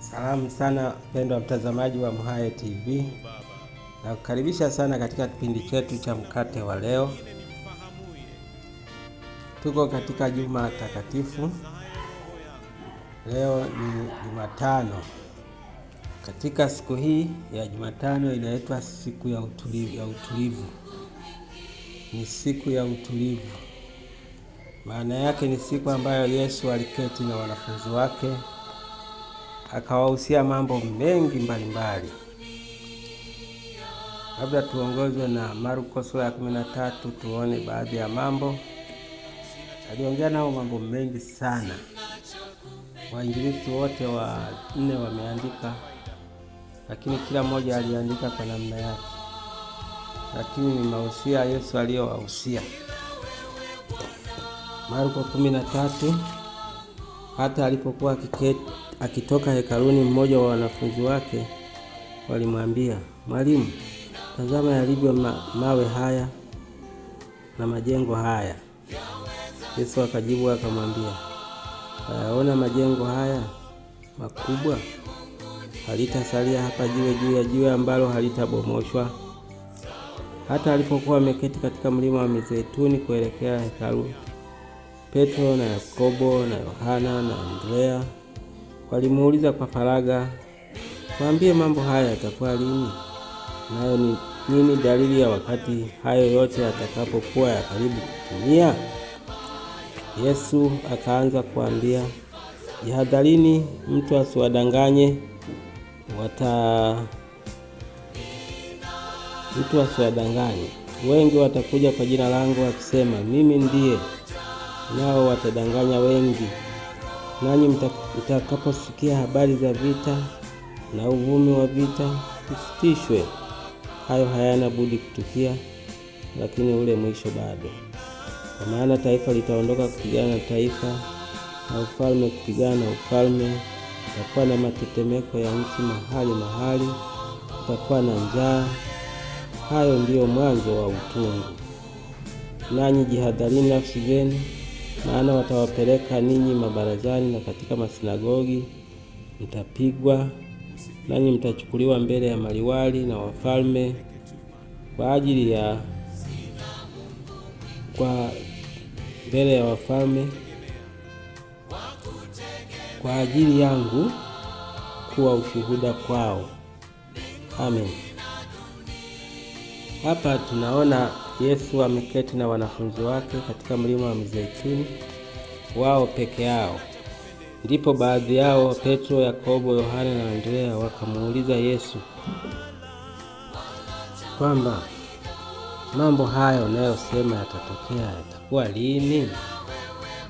Salamu sana mpendwa mtazamaji wa MHAE TV, nakukaribisha sana katika kipindi chetu cha mkate wa leo. Tuko katika juma takatifu, leo ni Jumatano. Katika siku hii ya Jumatano inaitwa siku ya utulivu, ya utulivu. Ni siku ya utulivu, maana yake ni siku ambayo Yesu aliketi na wanafunzi wake akawahusia mambo mengi mbalimbali. Labda tuongozwe na Marko sura ya kumi na tatu tuone baadhi ya mambo aliongea nao, mambo mengi sana. Wainjilisti wote wa nne wameandika, lakini kila mmoja aliandika kwa namna yake, lakini ni mahusia Yesu aliyowahusia. Marko kumi na tatu hata alipokuwa kiketi Akitoka hekaluni, mmoja wa wanafunzi wake walimwambia, Mwalimu, tazama yalivyo ma mawe haya na majengo haya. Yesu akajibu akamwambia, wayaona majengo haya makubwa? Halitasalia hapa jiwe juu ya jiwe ambalo halitabomoshwa. Hata alipokuwa ameketi katika mlima wa Mizeituni kuelekea hekalu, Petro na Yakobo na Yohana na Andrea Walimuuliza kwa faraga, mwambie mambo haya yatakuwa lini? Nayo ni nini dalili ya wakati hayo yote yatakapokuwa ya karibu kutimia? Yesu akaanza kuambia, jihadharini mtu asiwadanganye wata mtu asiwadanganye. Wengi watakuja kwa jina langu wakisema mimi ndiye, nao watadanganya wengi nanyi mtakaposikia habari za vita na uvumi wa vita msitishwe. Hayo hayana budi kutukia, lakini ule mwisho bado. Kwa maana taifa litaondoka kupigana na taifa na ufalme kupigana na ufalme. Kutakuwa na matetemeko ya nchi mahali mahali, kutakuwa na njaa. Hayo ndiyo mwanzo wa utungu. Nanyi jihadharini nafsi zenu maana watawapeleka ninyi mabarazani na katika masinagogi, mtapigwa nanyi mtachukuliwa mbele ya maliwali na wafalme kwa ajili ya kwa mbele ya wafalme kwa ajili yangu kuwa ushuhuda kwao. Amen. Hapa tunaona Yesu ameketi na wanafunzi wake katika mlima wa Mizeituni wao peke yao. Ndipo baadhi yao Petro, Yakobo, Yohane na Andrea wakamuuliza Yesu kwamba mambo hayo unayosema yatatokea yatakuwa lini?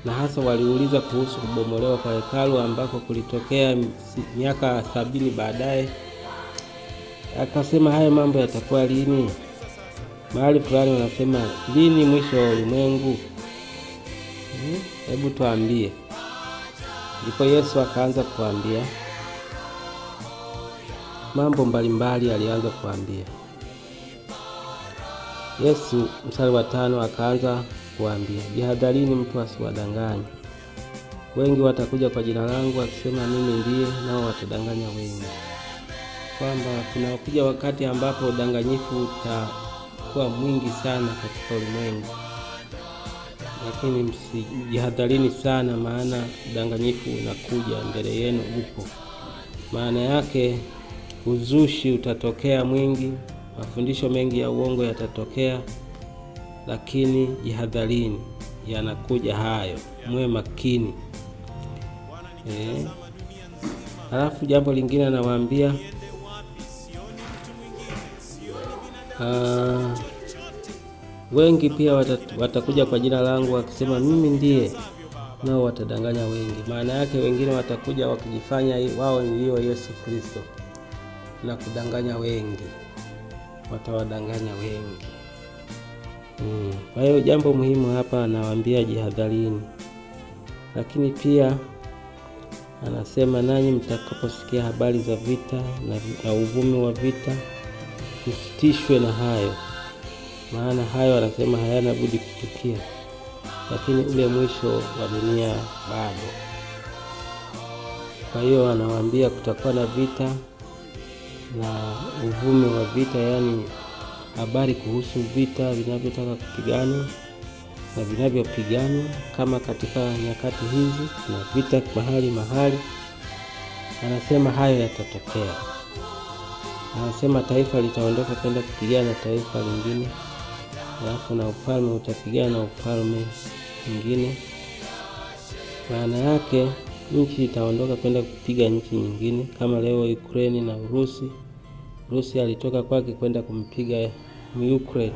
Na hasa waliuliza kuhusu kubomolewa kwa hekalu ambako kulitokea miaka sabini baadaye. Akasema hayo mambo yatakuwa lini? mahali fulani wanasema lini mwisho wa ulimwengu? Hmm? Hebu tuambie. Ndipo Yesu akaanza kuambia mambo mbalimbali, alianza kuambia Yesu mstari wa tano akaanza kuambia, jihadharini mtu asiwadanganye. Wengi watakuja kwa jina langu akisema mimi ndiye, nao watadanganya wengi, kwamba kunakuja wakati ambapo udanganyifu uta umekuwa mwingi sana katika ulimwengu, lakini msijihadharini sana, maana udanganyifu unakuja mbele yenu upo. Maana yake uzushi utatokea mwingi, mafundisho mengi ya uongo yatatokea, lakini jihadharini, yanakuja hayo, mwe makini eh. Halafu jambo lingine anawaambia uh, Wengi pia watakuja kwa jina langu wakisema mimi ndiye, nao watadanganya wengi. Maana yake wengine watakuja wakijifanya wao ndio Yesu Kristo na kudanganya wengi, watawadanganya wengi. Hmm. Kwa hiyo hmm, jambo muhimu hapa anawaambia jihadharini, lakini pia anasema nanyi mtakaposikia habari za vita na uvumi wa vita msitishwe na hayo maana hayo anasema hayana budi kutukia, lakini ule mwisho wa dunia bado. Kwa hiyo anawaambia kutakuwa na vita na uvume wa vita, yaani habari kuhusu vita vinavyotaka kupigana na vinavyopigana kama katika nyakati hizi na vita mahali mahali. Anasema hayo yatatokea. Anasema taifa litaondoka kwenda kupigana na taifa lingine alafu na ufalme utapigana ufalme mwingine. Maana yake nchi itaondoka kwenda kupiga nchi nyingine, kama leo Ukraine na Urusi. Urusi alitoka kwake kwenda kumpiga Ukraine,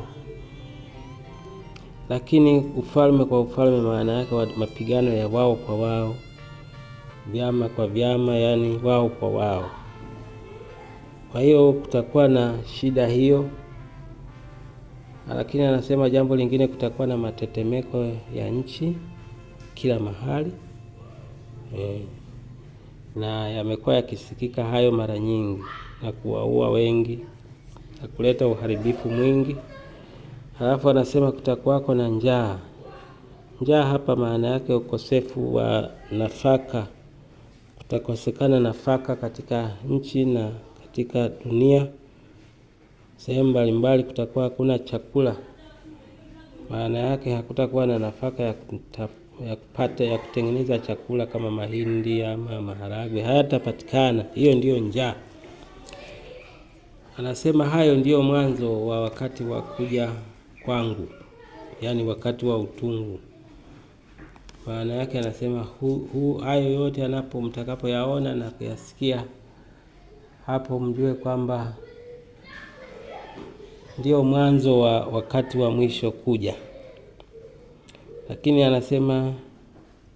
lakini ufalme kwa ufalme, maana yake mapigano ya wao kwa wao, vyama kwa vyama, yaani wao kwa wao. Kwa hiyo kutakuwa na shida hiyo. Lakini anasema jambo lingine, kutakuwa na matetemeko ya nchi kila mahali e, na yamekuwa yakisikika hayo mara nyingi na kuwaua wengi na kuleta uharibifu mwingi. Halafu anasema kutakuwako na njaa. Njaa hapa maana yake ukosefu wa nafaka, kutakosekana nafaka katika nchi na katika dunia sehemu mbalimbali kutakuwa hakuna chakula, maana yake hakutakuwa na nafaka ya, ya kupata ya kutengeneza chakula kama mahindi ama maharagwe hayatapatikana. Hiyo ndiyo njaa. Anasema hayo ndiyo mwanzo wa wakati wa kuja kwangu, yaani wakati wa utungu. Maana yake anasema hu, hu, hayo yote anapo mtakapoyaona na kuyasikia, hapo mjue kwamba ndio mwanzo wa wakati wa mwisho kuja. Lakini anasema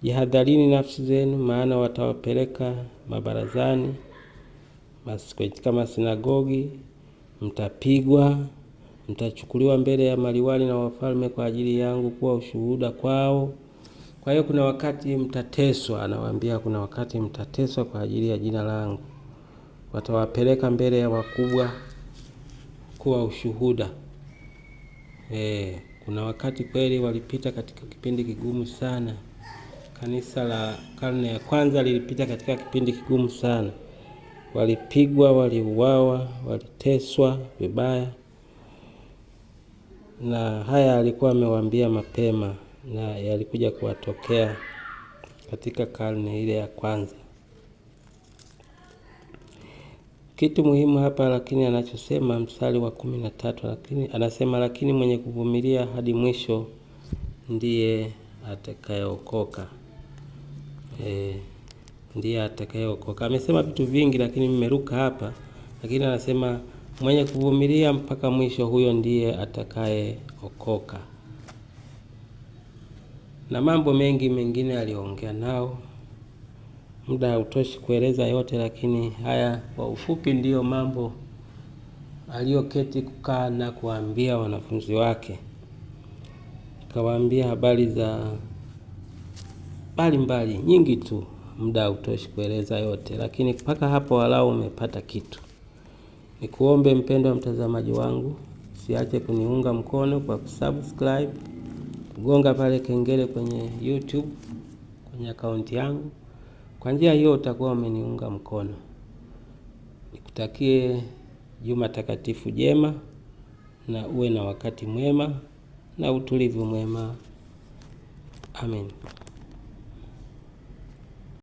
jihadharini nafsi zenu, maana watawapeleka mabarazani, katika masinagogi, mtapigwa, mtachukuliwa mbele ya maliwali na wafalme kwa ajili yangu kuwa ushuhuda kwao. Kwa hiyo kuna wakati mtateswa, anawaambia kuna wakati mtateswa kwa ajili ya jina langu, watawapeleka mbele ya wakubwa kuwa ushuhuda. E, kuna wakati kweli walipita katika kipindi kigumu sana. Kanisa la karne ya kwanza lilipita katika kipindi kigumu sana, walipigwa, waliuawa, waliteswa vibaya, na haya alikuwa amewaambia mapema na yalikuja kuwatokea katika karne ile ya kwanza. Kitu muhimu hapa lakini anachosema mstari wa kumi na tatu lakini anasema lakini mwenye kuvumilia hadi mwisho ndiye atakayeokoka. E, ndiye atakayeokoka. Amesema vitu vingi lakini nimeruka hapa, lakini anasema mwenye kuvumilia mpaka mwisho huyo ndiye atakayeokoka. Na mambo mengi mengine aliongea nao muda hautoshi kueleza yote, lakini haya kwa ufupi ndiyo mambo aliyoketi kukaa na kuwaambia wanafunzi wake. Kawaambia habari za mbalimbali nyingi tu, muda hautoshi kueleza yote, lakini mpaka hapo walau umepata kitu. Nikuombe mpendwa mtazamaji wangu, usiache kuniunga mkono kwa kusubscribe, kugonga pale kengele kwenye YouTube kwenye akaunti yangu. Kwa njia hiyo utakuwa umeniunga mkono. Nikutakie juma takatifu jema na uwe na wakati mwema na utulivu mwema. Amen.